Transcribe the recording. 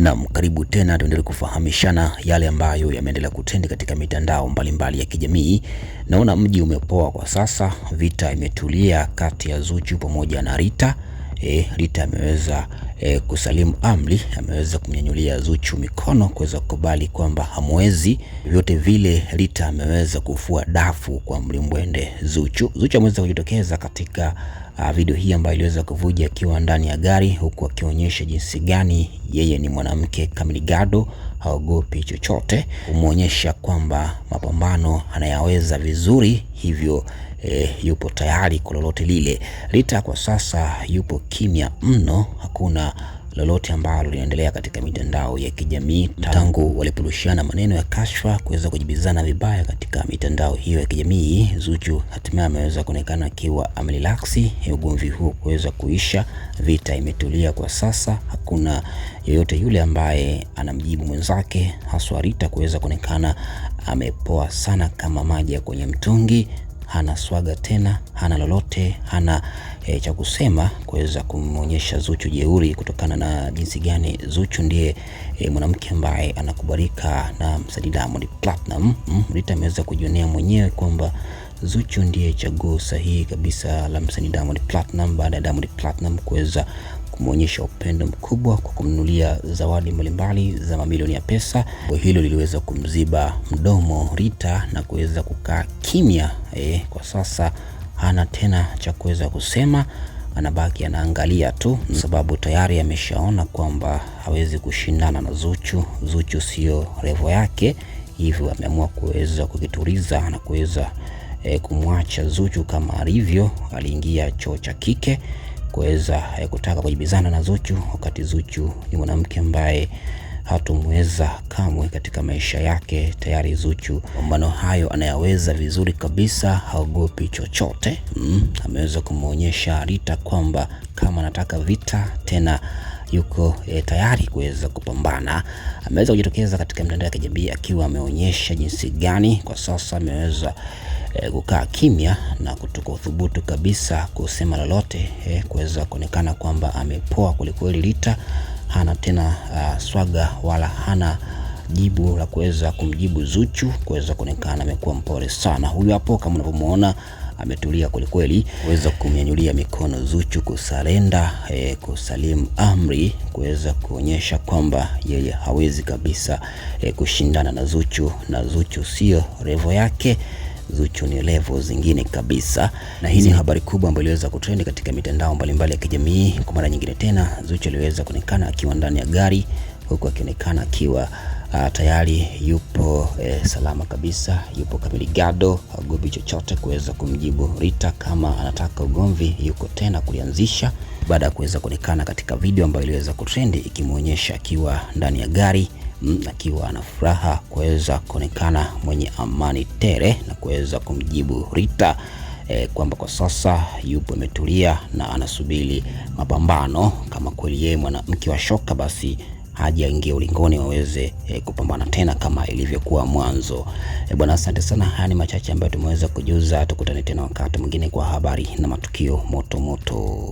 Naam, karibu tena tuendelee kufahamishana yale ambayo yameendelea kutendi katika mitandao mbalimbali mbali ya kijamii. Naona mji umepoa kwa sasa, vita imetulia kati ya Zuchu pamoja na Rita e, Rita ameweza e, kusalimu amri, ameweza kumnyanyulia Zuchu mikono kuweza kukubali kwamba hamwezi vyote vile. Rita ameweza kufua dafu kwa mlimbwende Zuchu. Zuchu ameweza kujitokeza katika a, video hii ambayo iliweza kuvuja akiwa ndani ya gari, huku akionyesha jinsi gani yeye ni mwanamke gado haogopi chochote, kumwonyesha kwamba mapambano anayaweza vizuri hivyo e, yupo tayari kwa lolote lile. Rita kwa sasa yupo kimya mno, hakuna lolote ambalo linaendelea katika mitandao ya kijamii tangu walipurushiana maneno ya kashfa kuweza kujibizana vibaya katika mitandao hiyo ya kijamii. Zuchu hatimaye ameweza kuonekana akiwa amelilaksi eh, ugomvi huo kuweza kuisha, vita imetulia kwa sasa. Hakuna yoyote yule ambaye anamjibu mwenzake, haswa Rita kuweza kuonekana amepoa sana kama maji ya kwenye mtungi hana swaga tena, hana lolote, hana e, cha kusema kuweza kumwonyesha Zuchu jeuri, kutokana na jinsi gani Zuchu ndiye e, mwanamke ambaye anakubalika na msanii Diamond Platinum. Mm, Rita ameweza kujionea mwenyewe kwamba Zuchu ndiye chaguo sahihi kabisa la msanii Diamond Platinum baada ya Diamond Platinum kuweza kumwonyesha upendo mkubwa kwa kumnunulia zawadi mbalimbali za mamilioni ya pesa. Hilo liliweza kumziba mdomo Rita na kuweza kukaa kimya. E, kwa sasa hana tena cha kuweza kusema, anabaki anaangalia tu, sababu tayari ameshaona kwamba hawezi kushindana na Zuchu. Zuchu sio revo yake, hivyo ameamua kuweza kukituliza na kuweza e, kumwacha Zuchu kama alivyo. Aliingia choo cha kike kuweza eh, kutaka kujibizana na Zuchu, wakati Zuchu ni mwanamke ambaye hatumweza kamwe katika maisha yake. Tayari Zuchu mambano hayo anayaweza vizuri kabisa, haogopi chochote mm. Ameweza kumwonyesha Rita kwamba kama anataka vita tena yuko e, tayari kuweza kupambana. Ameweza kujitokeza katika mitandao ya kijamii akiwa ameonyesha jinsi gani kwa sasa ameweza e, kukaa kimya na kutoka uthubutu kabisa kusema lolote e, kuweza kuonekana kwamba amepoa kwelikweli Rita hana tena uh, swaga wala hana jibu la kuweza kumjibu Zuchu, kuweza kuonekana amekuwa mpole sana. Huyu hapo kama unavyomuona ametulia kwelikweli, kuweza kumnyanyulia mikono Zuchu, kusarenda eh, kusalimu amri, kuweza kuonyesha kwamba yeye hawezi kabisa eh, kushindana na Zuchu na Zuchu sio revo yake zuchu ni level zingine kabisa, na hii ni habari kubwa ambayo iliweza kutrend katika mitandao mbalimbali ya kijamii. Kwa mara nyingine tena, Zuchu aliweza kuonekana akiwa ndani ya gari huku akionekana akiwa Uh, tayari yupo eh, salama kabisa, yupo kamili gado, agobi chochote kuweza kumjibu Rita. Kama anataka ugomvi, yuko tena kulianzisha, baada ya kuweza kuonekana katika video ambayo iliweza kutrendi ikimwonyesha akiwa ndani ya gari Mm, akiwa ana furaha kuweza kuonekana mwenye amani tele na kuweza kumjibu Rita e, kwamba kwa sasa yupo ametulia na anasubiri mapambano. Kama kweli yeye mwanamke wa shoka, basi haja aingie ulingoni waweze e, kupambana tena kama ilivyokuwa mwanzo. E, bwana, asante sana. Haya ni machache ambayo tumeweza kujuza. Tukutane tena wakati mwingine kwa habari na matukio moto moto.